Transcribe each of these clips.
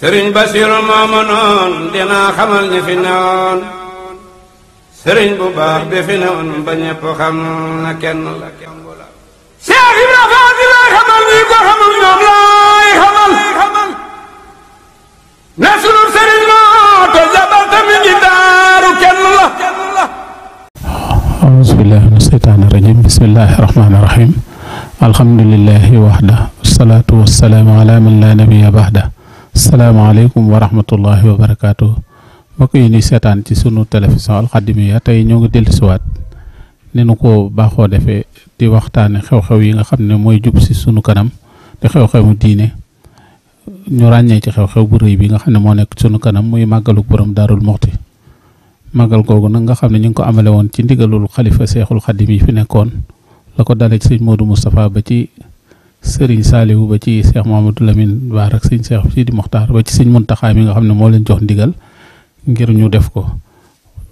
سرين بشير المؤمنون دينا خمال نفنون سرين بوبا بفنون بني بخم لكن سيغنا فادي لا خمال نيكو خمال نيوم لا خمال نسل سرين ما تزبط من جدار كن الله أعوذ بالله من الشيطان الرجيم بسم الله الرحمن الرحيم الحمد لله وحده والصلاة والسلام على من لا نبي بعده السلام عليكم ورحمة الله وبركاته مكي ني سيتان تي سونو تيليفزيون القديمه تاي نيغي ديل سوات ني نكو باخو ديفي دي وقتاني خيو خيو ييغا خامني موي جوب سي سونو كانام دي خيو خيو مو دينه ني راني تي خيو خيو بو ري بيغا خامني مو نيك سونو كانام موي ماغالو بروم دار المختي ماغال كوغو نغا خامني نيغي كو امالي وون تي نديغالو الخليفه شيخ القديمه في نيكون لاكو دالي سيد مودو مصطفى با تي sëriñ Saaliwu ba ci Cheikh Mamadou Lamine Baar ak sëñ Cheikh Sidi Mokhtar ba ci sëñ Muntaxa mi nga xam ne moo leen jox ndigal ngir ñu def ko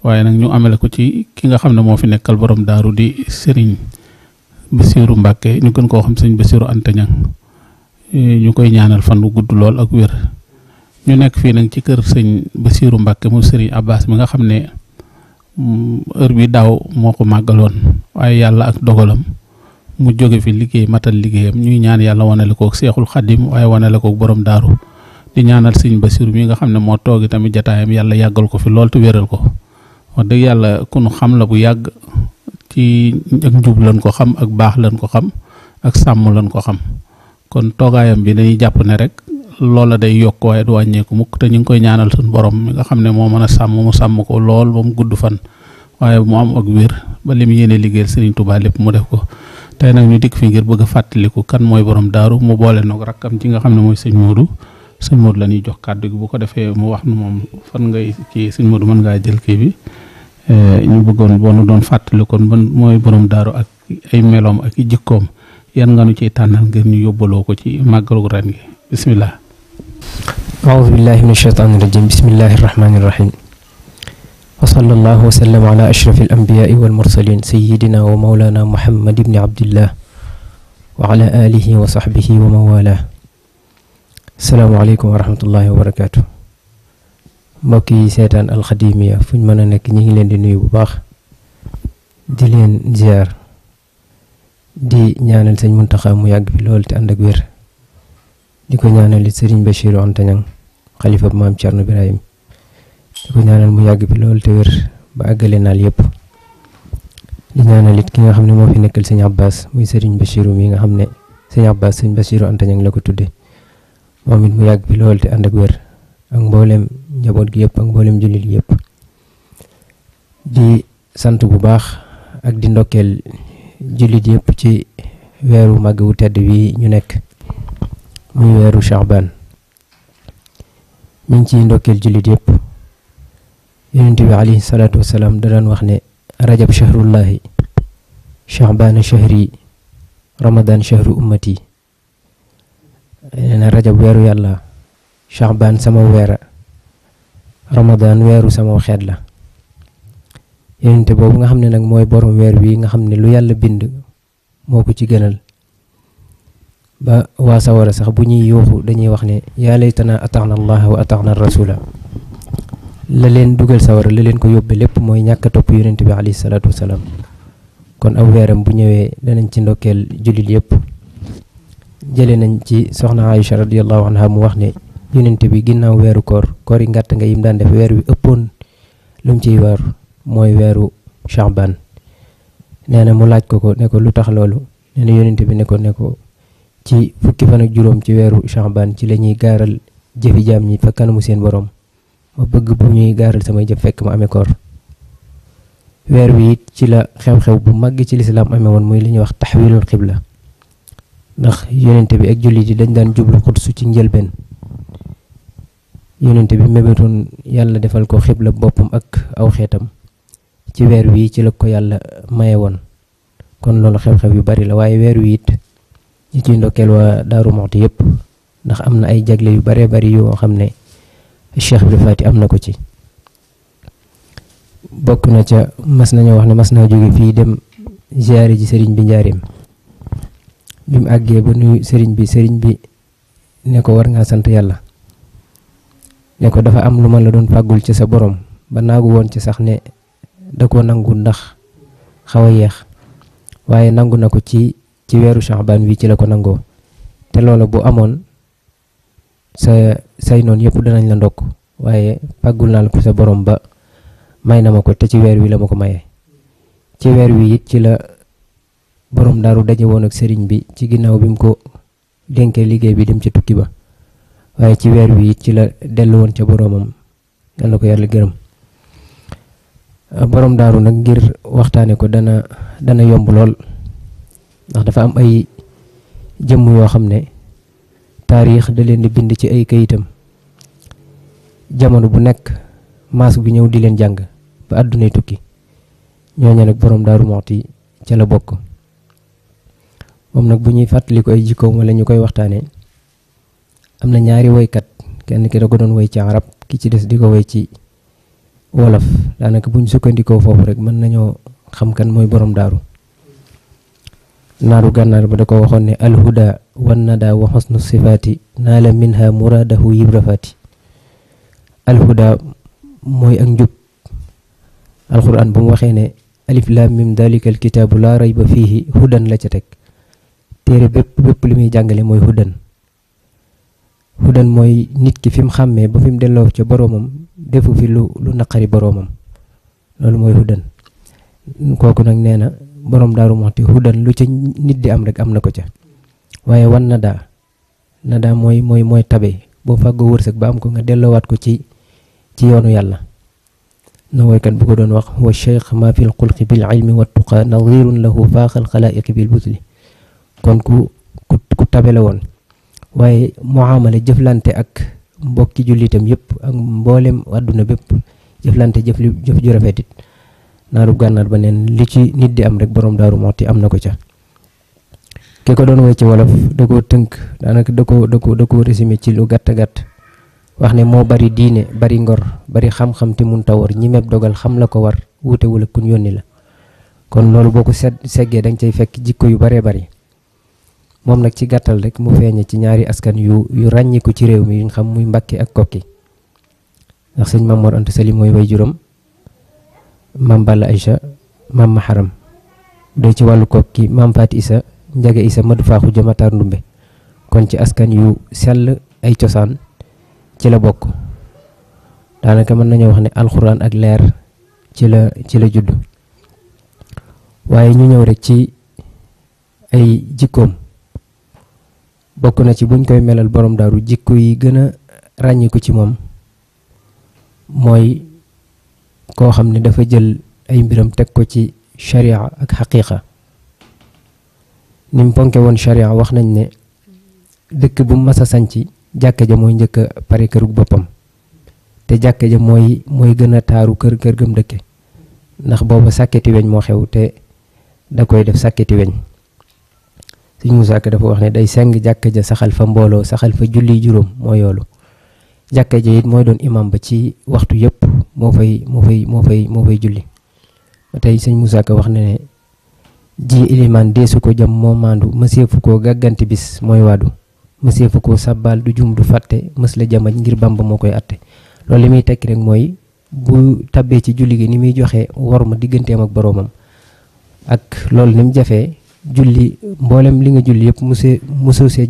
waaye nag ñu amele ko ci ki nga xam ne moo fi nekkal boroom daaru di sëriñ Basiiru Mbàkke ñu gën koo xam sëñ Basiiru Anta Ñang ñu koy ñaanal fan wu gudd lool ak wér ñu nekk fii nag ci kër sëñ Basiiru Mbàkke mu sëriñ Abbas mi nga xam ne mm, heure bi daaw moo ko màggaloon waaye yàlla ak dogalam mu jóge fi liggéey matal liggéeyam ñuy ñaan yàlla wanale kook seexul xaddim waaye wanale kook borom daaru di ñaanal sëñ Basiru mi nga xam ne moo toogi tamit jataayam yàlla yàggal ko fi lool te wéral ko dëgg yàlla ku nu xam la bu yàgg ci ak njub ko xam ak baax lañ ko xam ak sàmm lañ ko xam kon toogaayam bi dañuy jàpp ne rek loola day yokk waaye du wàññeeku mukk te ñu ngi koy ñaanal suñu borom mi nga xam ne moo mën a sàmm mu sàmm ko lool ba mu gudd fan waaye mu am ak wér ba lim yéene liggéeyal Sëriñ tubaa lépp mu def ko tay nak ñu dik fi ngir bëgg a fàttaliku kan moy borom daaru mu boole nok rakam ci nga xamne moy mooy Modou sëñ Modou la jox kaddu bu ko defé mu wax nu mom fan ngay ci sëñ Modou man nga jël ki bi eh, ñu bëggoon bo nu doon fàttalikoon ban moy borom daaru ak ay melom ak jikkom yan nga nu ci tanal ngir ñu yóbbaloo ko ci magalu ran gi bismillah أعوذ بالله من الشيطان الرجيم بسم الله الرحمن الرحيم وصلى الله وسلم على أشرف الأنبياء والمرسلين سيدنا ومولانا محمد بن عبد الله وعلى آله وصحبه وموالاه السلام عليكم ورحمة الله وبركاته مكي سيدان الخديمية في من أنك نيلين دي نيو دلين زيار دي نيانا لسن منتقى مياق في لول تأندق بير دي كو نيانا لسرين بشير عن تنين خليفة بمام تشارنو برايم di ko ñaanal mu yàgg bi lool te wér ba àggale naal yépp di ñaanal it ki nga xam ne moo fi nekkal sëñ Abbas muy sëriñ Bachiru mi nga xam ne sëñ Abbas sëñ Bachiru Anta Ñaŋ la ko tudde moom it mu yàgg bi lool te ànd ak wér ak mboolem njaboot gi yépp ak mboolem julit gi yépp di sant bu baax ak di ndokkeel julit yépp ci weeru màgg wu tedd wi ñu nekk muy weeru Shaaban mi ngi ciy ndokkeel julit yépp yonent bi alayhi salaatu wasalaam da daan wax ne rajab shahrullahi shahbaana shahri ramadaan shahru ummati nee na rajab weeru yàlla shahbaan sama weera ramadaan weeru sama xeet la yonent boobu nga xam ne nag mooy borom weer wi nga xam ne lu yàlla bind moo ko ci gënal ba waa sawara sax bu ñuy yuuxu dañuy wax ne yaa laytana ataana allaha wa ataana rasula la leen duggal sawar la leen ko yóbbe lépp mooy ñàkk a topp yonent bi alayhi salaatu wasalaam kon aw weeram bu ñëwee danañ ci ndokkeel julit yépp jële nañ ci soxna Aïcha radiallahu anha mu wax ne yonent bi ginnaaw weeru koor koor yi ngàtt nga yim daan def weer wi ëppoon lu mu ciy war mooy weeru Shaaban nee na mu laaj ko ko ne ko lu tax loolu nee na bi ne ko ne ko ci fukki fan ak juróom ci weeru Shaaban ci la ñuy gaaral jëfi jaam ñi fa kanamu seen borom ma bëgg bu ñuy gaaral samay jëf fekk ma amee weer wi it ci la xew-xew bu màgg ci lislaam amee woon muy li ñuy wax taxwilul xibla ndax yonente bi ak jullit yi dañ daan jublu xudsu ci njëlbeen yonente bi mébétoon yàlla defal ko xibla boppam ak aw xeetam ci weer wi ci la ko yàlla maye woon kon loolu xew-xew yu bari la waaye weer wi it ñu ciy ndokkeel waa Daaru Muxti yëpp ndax am na ay jagle yu baree bari yoo xam ne Cheikh Ibra Faty am na ko ci bokk na ca mas nañoo wax ne mas naa jóge fii dem ziyaare ji sëriñ bi njaareem bi mu àggee ba nuyu sëriñ bi sëriñ bi ne ko war ngaa sant yàlla ne ko dafa am lu ma la doon fàggul ci sa borom ba naagu woon ci sax ne da ko nangu ndax xaw a yeex waaye nangu na ko ci ci weeru Sha'ban wi ci la ko nangoo te loola bu amoon sa say noonu yëpp danañ la ndokk waaye pàggul naa la ko sa boroom ba may na ma ko te ci weer wi la ma ko maye ci weer wi it ci la borom daaru daje woon ak sëriñ bi ci ginnaaw bi mu ko dénkee liggéey bi dem ca tukki ba waaye ci weer wi it ci la dellu woon ca boromam yàlla ko yàlla gërëm borom daaru nag ngir waxtaane ko dana dana yomb lool ndax dafa am ay jëmm yoo xam ne taarix da leen di bind ci ay kayitam jamono bu nekk maas gu ñëw di leen jàng ba àddunay tukki ñooñu nag borom daaru moxti ca la bokk moom nag bu ñuy fàttali ko ay jikkoom wala ñu koy waxtaanee am na ñaari woykat kenn ki da ko doon woy ci arab ki ci des di ko woy ci wolof daanaka buñ sukkandikoo foofu rek mën nañoo xam kan mooy borom daaru naaru gànnaar ba da ko waxoon ni alhuda wan nada wa xosnu sifaati naa la minha muraadahu yibrafaati alhuda mooy ak njub alquran bu mu waxee ne alif laam mim dalika alkitaabu laa rayba fiihi hudan la ca teg téere bépp bépp li muy jàngale mooy hudan hudan mooy nit ki fi mu xàmmee ba fi mu delloo ca boroomam defu fi lu lu naqari boroomam loolu mooy hudan kooku nag nee borom daaru moxti hudan lu ca nit di am rek am na ko ca waaye wan nadaa nadaa mooy mooy mooy tabe boo fàggoo wërsëg ba am ko nga delloowaat ko ci ci yoonu yàlla na waykat bu ko doon wax wa cheikh ma fi lxulqi bil ilmi wa tuqa nadirun lahu faaxal xalaaiqi bil busli kon ku ku tabe la woon waaye muamale jëflante ak mbokki jullitam yëpp ak mboolem àdduna bépp jëflante jëf jëf ju rafetit naaru gànnaar ba neen li ci nit di am rek boroom daaru moxti am na ko ca ki ko doon woy ci wolof da ko tënk daanaka da ko da koo da koo résumé ci lu gàtt gàtt wax ne moo bari diine bari ngor bari xam-xam te mun tawar ñi meb dogal xam la ko war wuutewul ak kun yónni la kon loolu boo ko se seggee da cay fekk jikko yu baree bari moom nag ci gàttal rek mu feeñe ci ñaari askan yu yu ràññiku ci réew mi yuñ xam muy Mbàkke ak Kokki ndax sëñ Mamoor Anta Sali mooy juróom maam Balla Aïcha maam Maharam ci wàllu kokki ki Faati Isa Njaga Isa Madu Faaxu Jamataar Ndumbe kon ci askan yu sell ay cosaan ci la bokk daanaka mën nañoo wax ne alxuraan ak leer ci la ci la juddu waaye ñu ñëw rek ci ay jikkoom bokk na ci buñ koy melal borom daaru jikko yi gën a ràññiku ci moom mooy koo xam ne dafa jël ay mbiram teg ko ci sharia ak xaqiiqa ni ponke woon sharia wax nañ ne dëkk bu mas a sanc jàkka ja mooy njëkk pare këru boppam te jàkka ja mooy mooy gën a taaru kër kër gëm dëkke ndax booba sàkketi weñ moo xew te da koy def sàkketi weñ suñ Musaa Ka dafa wax ne day seng jàkka ja saxal fa mbooloo saxal fa julli juróom moo yoolu jàkka ja it mooy doon imam ba ci waxtu yëpp moo fay moo fay moo fay moo fay julli ba tey sëñ Moussa Ka wax na ne ji ilimaan deesu ko jam moo maandu mësee fu gàggante bis mooy waadu mësee fu koo sàbbaal du jum du fàtte mës la jamaj ngir bamba moo koy atte loolu li muy tekki rek mooy bu tabbee ci julli gi ni muy joxe war ma digganteem ak boroomam ak loolu ni mu jafee julli mboolem li nga julli yëpp mu see mu see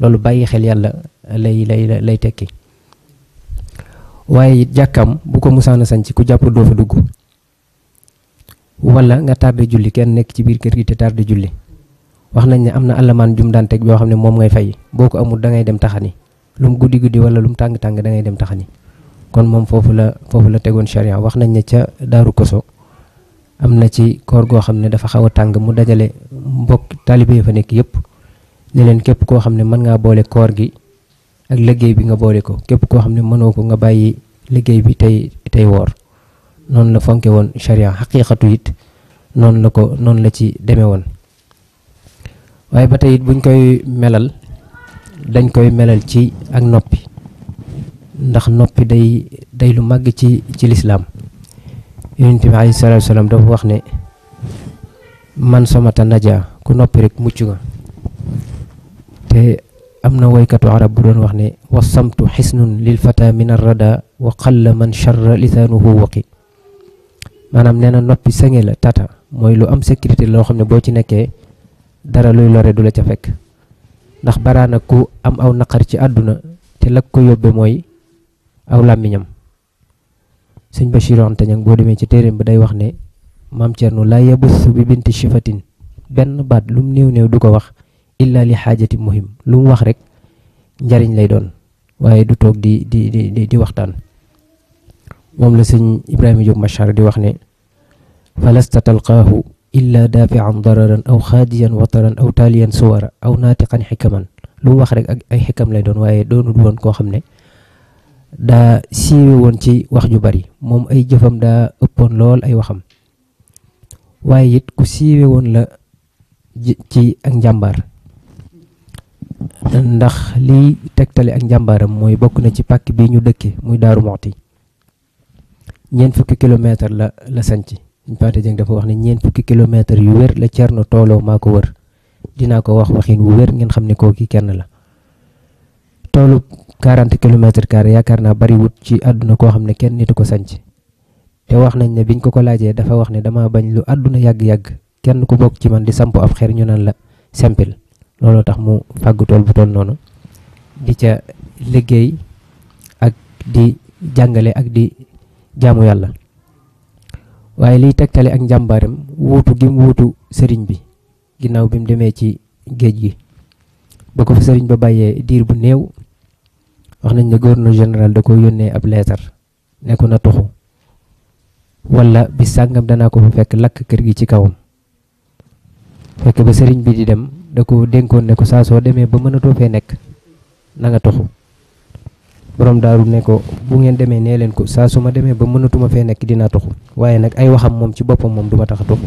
loolu bàyyi xel yàlla lay lay lay tekki waaye it jàkkam bu ko musaana sañc ku jàpp doo fa dugg wala nga tardé julli kenn nekk ci biir kër gi te tardé julli wax nañ ne am na alamaan jum daan teg yoo xam ne moom ngay fay boo ko amul dangay dem taxani lum guddi guddi wala mu tàng tàng dangay dem taxani kon moom foofu la foofu la tegoon charia wax nañ ne ca Daaru Koso am na ci koor goo xam ne dafa xaw a tàng mu dajale mbokk taalibe fa nekk yëpp ne leen képp koo xam ne mën ngaa boole koor gi ak liggéey bi nga boole ko képp koo xam ne mënoo ko nga bàyyi liggéey bi tey tey woor noonu la fonke woon sharia xaqiiqatu it noonu la ko noonu la ci demee woon waaye ba tey it buñ koy melal dañ koy melal ci ak noppi ndax noppi day day lu màgg ci ci lislaam yonent bi alayhi salaatu salaam dafa wax ne man somata naja ku noppi rek mucc nga te am na woykatu arab bu doon wax ne wa samtu xisnun lil fata min arrada wa qalla man charra lisaanuhu waqi maanaam nee na noppi sange la tata mooy lu am sécurité loo xam ne boo ci nekkee dara luy lore du la ca fekk ndax baraana ku am aw naqar ci àdduna te la ko yóbbe mooy aw làmmiñam sëñ Bachir Anta Ñang boo demee ci téeréem bi day wax ne maam Cerno laa yabusu bi binti shifatin benn baat lum néew néew du ko wax illa li hajati muhim lu wax rek njariñ lay doon waaye du toog di di di di waxtaan moom la sëñ Ibrahima Diop Machar di wax ne falasta illa dafi'an dararan aw xaadiyan wataran aw taliyan suwara aw naatiqan xikaman lu wax rek ak ay xikam lay doon waaye doonul woon koo xam ne daa siiwe woon ci wax ju bari moom ay jëfam daa ëppoon lool ay waxam waaye it ku siiwe woon la ci ak njàmbaar ndax li tektali ak njàmbaaram mooy bokk na ci pàkk bi ñu dëkke muy daaru moxti ñeen fukki kilomètre la la sanc ñu paate jëng dafa wax ne ñeen fukki kilomètre yu wér la cerno tooloo maa ko wër dinaa ko wax waxin wu wér ngeen xam ne kooki kenn la toolu 40 kilomètre carré yaakaar naa bari wut ci àdduna koo xam ne kenn nitu ko sanc te wax nañ ne biñ ko ko laajee dafa wax ne dama bañ lu àdduna yàgg-yàgg kenn ku bokk ci man di samp ab xeer ñu naan la sempil looloo tax mu fàgg tool bu toll noonu di ca liggéey ak di jàngale ak di jaamu yàlla waaye liy tegtale ak njàmbaarem wuutu gi wuutu sëriñ bi ginnaaw bi mu demee ci géej gi ba ko fa sëriñ ba bàyyee diir bu néew wax nañ ne gouverneur général da ko yónnee ab leesar ne na tuxu wala bi sàngam dana ko fa fekk lakk kër gi ci kawam fekk ba sëriñ bi di dem da ko dénkoon ne ko saa soo demee ba mënatoo fee nekk na nga toxu borom daaru ne ko bu ngeen demee ne leen ko saa su ma demee ba mënatuma fee nekk dinaa toxu waaye nag ay waxam moom ci boppam moom du ma tax a toxu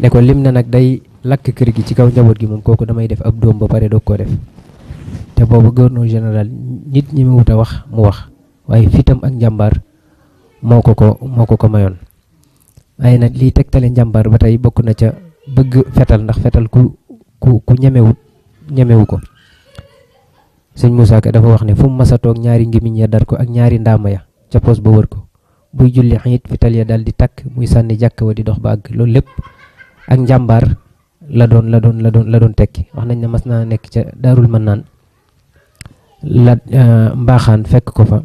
ne ko lim na nag day lakk kër gi ci kaw njaboot gi moom kooku damay def ab doom ba pare doog koo def te boobu gouverneur général nit ñi mu wut wax mu wax waaye fitam ak njàmbaar moo ko ko moo ko ko mayoon waaye nag liy tegtale njàmbaar ba tey bokk na bëgg fetal ndax fetal ku ku ñemewu ñemewut ñemewu ko sëñ Moussa Ka dafa wax ne fu mu masa toog ñaari ngimiñ ya dar ko ak ñaari ndaama ya ca poos ba wër ko buy julli xit fetal ya daal di takk muy sànni jàkk wa di dox ba àgg loolu lépp ak njàmbaar la doon la doon la doon la doon tekki wax nañ ne mas naa nekk ca daarul mën naan la euh, mbaaxaan fekk ko fa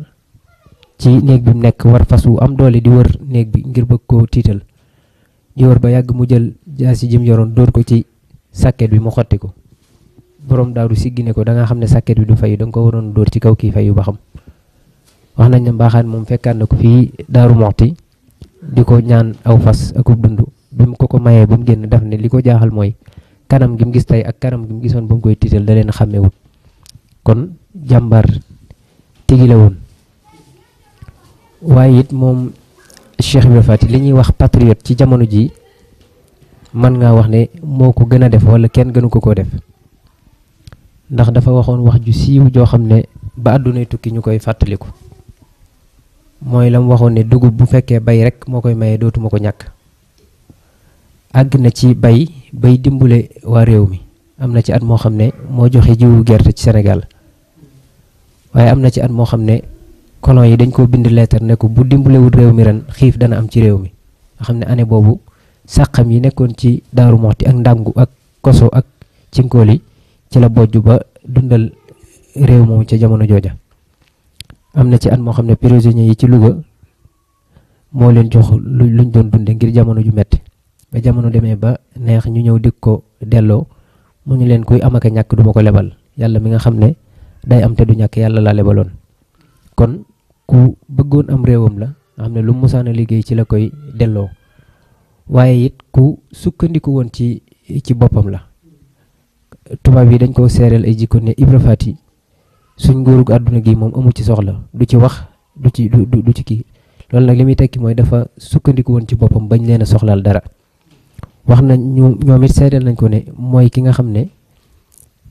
ci néeg bi mu nekk war fas wu am doole di wër néeg bi ngir bëgg ko tiital di wër ba yàgg mu jël jasi jim yoroon dóor ko ci saket bi mu xotti ko borom daaru si ne ko da nga xamne saket bi du fay dang ko woron dóor ci kaw ki fayu ba xam wax nañu ne mom fekkan nako fi daaru moxti di ko ñaan aw fas ak dundu bim ko ko maye ba mu daf ne liko ko jaaxal moy kanam gi mu gis tay ak kanam gi mu gisoon koy tiital da kon jambar tigile won waye it mom Cheikh Ibrahima Fati liñuy wax patriote ci jamono ji man ngaa wax ne moo ko gën a def wala kenn gënu ko koo def ndax dafa waxoon wax ju siiw joo xam ne ba àddunay tukki ñu koy fàttaliku mooy la mu waxoon ne dugub bu fekkee bay rek moo koy maye dootuma ko ñàkk àgg na ci bay bay dimbale waa réew mi am na ci at moo xam ne moo joxe jiwu gerte ci senegal waaye am na ci at moo xam ne colon yi dañ koo bind leetar ne bu dimbalewul réew mi ren xiif dana am ci réew mi nga xam ne année boobu sàqam yi nekkoon ci daaru moxti ak ndàngu ak koso ak cinkóoli ci la bojj ba dundal réew moom ca jamono jooja am na ci at moo xam ne prisonniers yi ci Louga moo leen jox luñ doon dunde ngir jamono ju metti ba jamono demee ba neex ñu ñëw dikk ko delloo mu ñu leen kuy am ak a ñàkk duma ko lebal yàlla mi nga xam ne day am te du ñàkk yàlla laa lebaloon kon ku bëggoon am réewam la nga xam ne lu musaana liggéey ci la koy delloo waaye it ku sukkandiku woon ci ci boppam la tubaab yi dañ koo seereel ay jikko ne Ibra yi suñ nguurug àdduna gi moom amu ci soxla du ci wax du ci du du ci kii loolu nag li muy tekki mooy dafa sukkandiku woon ci boppam bañ leen a soxlaal dara wax nañ ñu ñoom it nañ ko ne mooy ki nga xam ne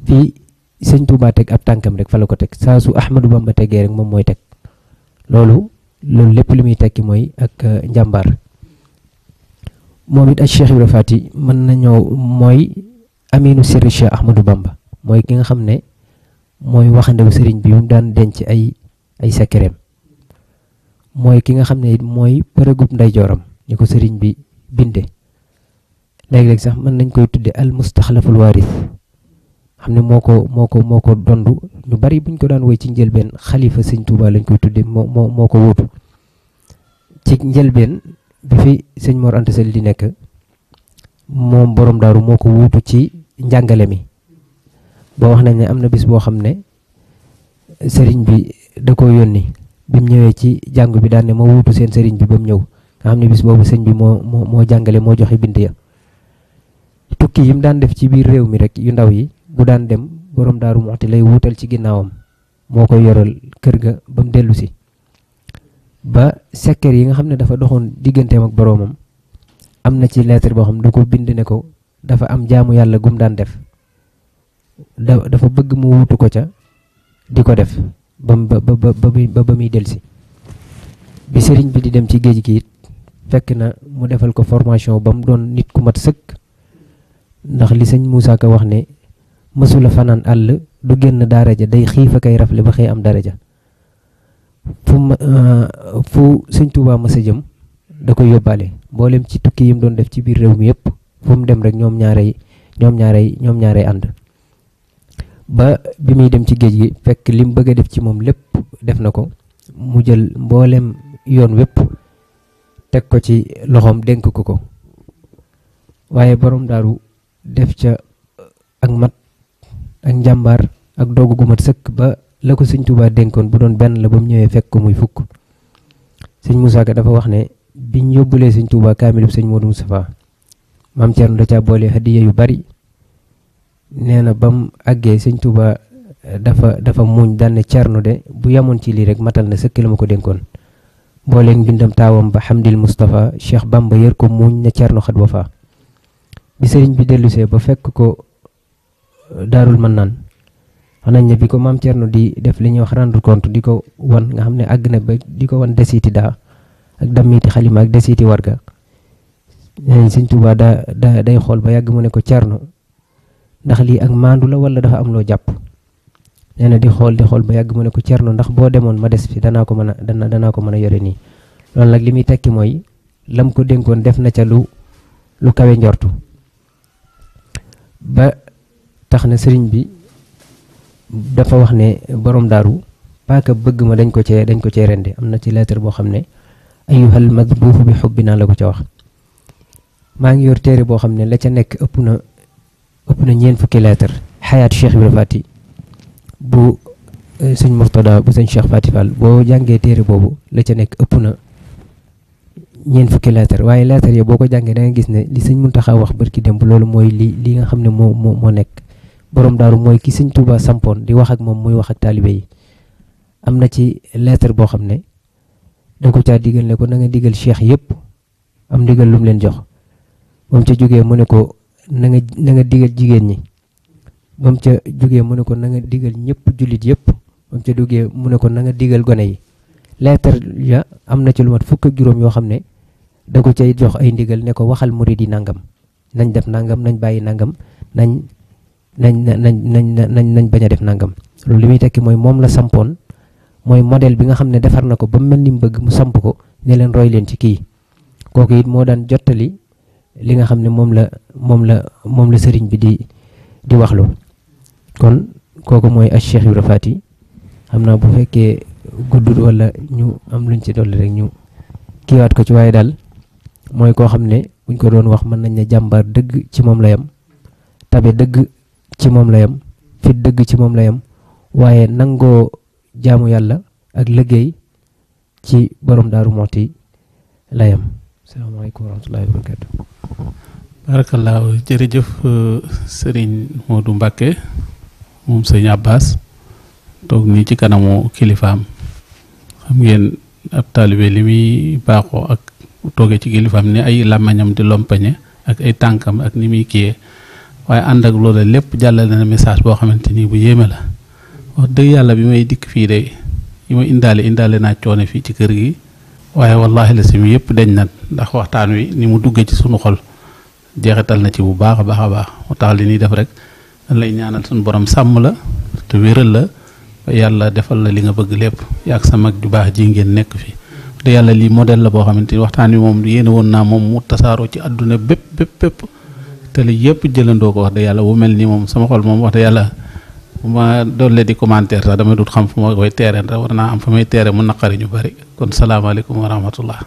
fii sëñ Touba teg ab tànkam rek fa la ko teg saa su Ahmadou Bamba tegee rek moom mooy teg loolu loolu lépp li muy tekki mooy ak njàmbaar momit a ak Cheikh Ibrahima Fati man nañu moy aminu sirri Cheikh Ahmadou Bamba Moy ki nga xamne moy mooy bi mu daan denc ay ay sakkereem Moy ki nga xamne moy it mooy joram ñiko serigne bi binde leg leg sax man nañ koy tuddé al mustakhlaful warith xamne moko moko moko moko dondu ñu bari buñ ko daan way ci ben khalifa serigne touba lañ koy tuddé moko moo ci ben bi fi sëñ Mor Anta Sali di nekk moom boroom daaru moo ko wuutu ci njàngale mi ba wax nañ ne am na bis boo xam ne sëriñ bi da koo yónni bi ñëwee ci jàngu bi daan ne moo wuutu seen sëriñ bi ba mu ñëw nga xam ne bis boobu sëñ bi moo moo moo jàngale moo joxe bind ya tukki yi mu daan def ci biir réew mi rek yu ndaw yi bu daan dem borom daaru Muxti lay wuutal ci ginnaawam moo koy yoral kër ga ba mu dellu ba secret yi nga xam ne dafa doxoon digganteem ak boroomam am na ci lettre boo xam da ko bind ne ko dafa am jaamu yàlla gum daan def da dafa bëgg mu wutu ko ca di ko def ba ba ba ba ba muy delsi bi sëriñ bi di dem ci géej giit it fekk na mu defal ko formation ba mu doon nit ku mat sëkk ndax li sëñ muusa Ka wax ne mësula fanaan àll du génn ja day xiif a kay rafle ba xëy am ja fu euh, fu sëñ Touba mës a jëm da koy yóbbaale mbooleem ci tukki yi mu doon def ci biir réew mi yëpp fu mu dem rek ñoom ñaarey ñoom ñaarey ñoom ñaarey ànd ba bi muy dem ci géej gi fekk li mu bëgg a def ci moom lépp def na ko mu jël mbooleem yoon wépp teg ko ci loxoom dénk ko ko waaye boroom daalu def ca ak mat ak njàmbaar ak dogu gu mat sëkk ba la ko sëñ Touba dénkoon bu doon benn la ba mu ñëwee fekk ko muy fukk sëñ Moussa Ka dafa wax ne biñ yóbbulee sëñ Touba kaamilub sëñ Modou Moustapha maam Thierno da caa boole hadiya yu bari nee na ba àggee sëñ Touba eh, dafa dafa muñ daan ne Thierno de bu yamoon ci lii rek matal na sëkk la ma ko dénkoon. mbooleeg mbindam taawam ba Hamdil Moustapha Cheikh Bamba yër ko muñ ne Thierno xat wafa bi sëriñ bi dellusee ba fekk ko eh, daarul mannaan fan ñe bi ko maam di def li ñu wax rendre compte di ko nga xamne ne na ba di ko desiti da ak damiti khalima ak desiti warga neen señ Touba da da day xol ba yag mu ne ko Thierno ndax li ak mandu la wala dafa am lo japp neena di xol di xol ba yag mu ne ko Thierno ndax bo demone ma des fi dana ko meuna dana dana ko meuna yore ni lool nak limi tekki moy lam ko denkon def na ca lu lu kawe ndortu ba taxna na bi dafa wax ne borom daaru paaka bëgg ma dañ ko cee dañ ko cee rende am na ci lettre boo xam ne ayuhal madbuuf bi xubbinaa la ko ca wax maa ngi yor téere boo xam ne la ca nekk ëpp na ëpp na ñeent fukki lettre xayaat Cheikh Ibra Fati bu eh, sëñ bu sëñ Cheikh Fati boo jàngee téere boobu la ca nekk ëpp na ñeent fukki lettre waaye lettre yi boo ko jàngee da gis ne li sëñ Muntaxa wax barki démb loolu mooy li li nga xam ne moo moo moo nekk borom daaru mooy ki sëñ Touba sampoon di wax ak moom muy wax ak taalibe yi am na ci lettre boo xam ne da ko caa digal ne ko na nga digal cheikh yëpp am ndigal lu leen jox ba ca jógee mu ne ko na nga na nga jigéen ñi ba ca jógee mu ne ko na nga digal ñëpp jullit yëpp ba mu ca mu ne ko na digal gone yi lettre am na ci lu fukk juróom yoo xam ne da ko cay jox ay ndigal ne ko waxal murid yi nangam nañ def nangam nañ bàyyi nangam nañ nañ nañ nañ nañ nañ bañ a def nangam loolu li muy tekki mooy moom la sampoon mooy modèle bi nga xam ne defar na ko ba mel ni mu bëgg mu samp ko ne leen roy leen ci kii kooku it moo daan jottali li nga xam ne moom la moom la moom la sëriñ bi di di wax lu kon kooku mooy a Cheikh Ibra Faty xam naa bu fekkee guddul wala ñu am luñ ci dolli rek ñu kiiwaat ko ci waaye daal mooy koo xam ne buñ ko doon wax mën nañ ne jàmbaar dëgg ci moom la yam tabe dëgg ci moom la yem fit dëgg ci moom la yem waaye nangoo jaamu yàlla ak liggéey ci boroom daaru mooti la yem salaamaaleykum wa rahmatullahi wa barakatu barakallaahu jërëjëf euh, sëriñ Modou Mbacke moom sëriñ Abbas toog nii ci kanamu kilifaam xam ngeen ab taalibe li muy baaxoo ak tooge ci kilifaam ni ay làmmiñam di lompañe ak ay tànkam ak ni muy kiyee waaye ànd ak loola lépp jàllale na message boo xamante ni bu yéeme la wax dëgg yàlla bi may dikk fii de yi ma indaale indaale naa coone fii ci kër gi waaye wallaahi la sim yëpp deñ na ndax waxtaan wi ni mu duggee ci sunu xol jeexital na ci bu baax a baax a baax moo tax li ñuy def rek dañ lay ñaanal suñu borom sàmm la te wéral la ba yàlla defal la li nga bëgg lépp yaag sa mag ju baax ji ngeen nekk fi te yàlla lii modèle la boo xamante ni waxtaan wi moom yéene woon naa moom mu tasaaroo ci àdduna bépp bépp bépp télé yëpp jëlandoo ko wax de yàlla bu mel nii moom sama xol moom wax de yàlla bu ma doole di commentaire sax dama dut xam fu ma koy teereen rek war naa am fu may teere mu naqari ñu bari kon salaamaaleykum wa rahmatullah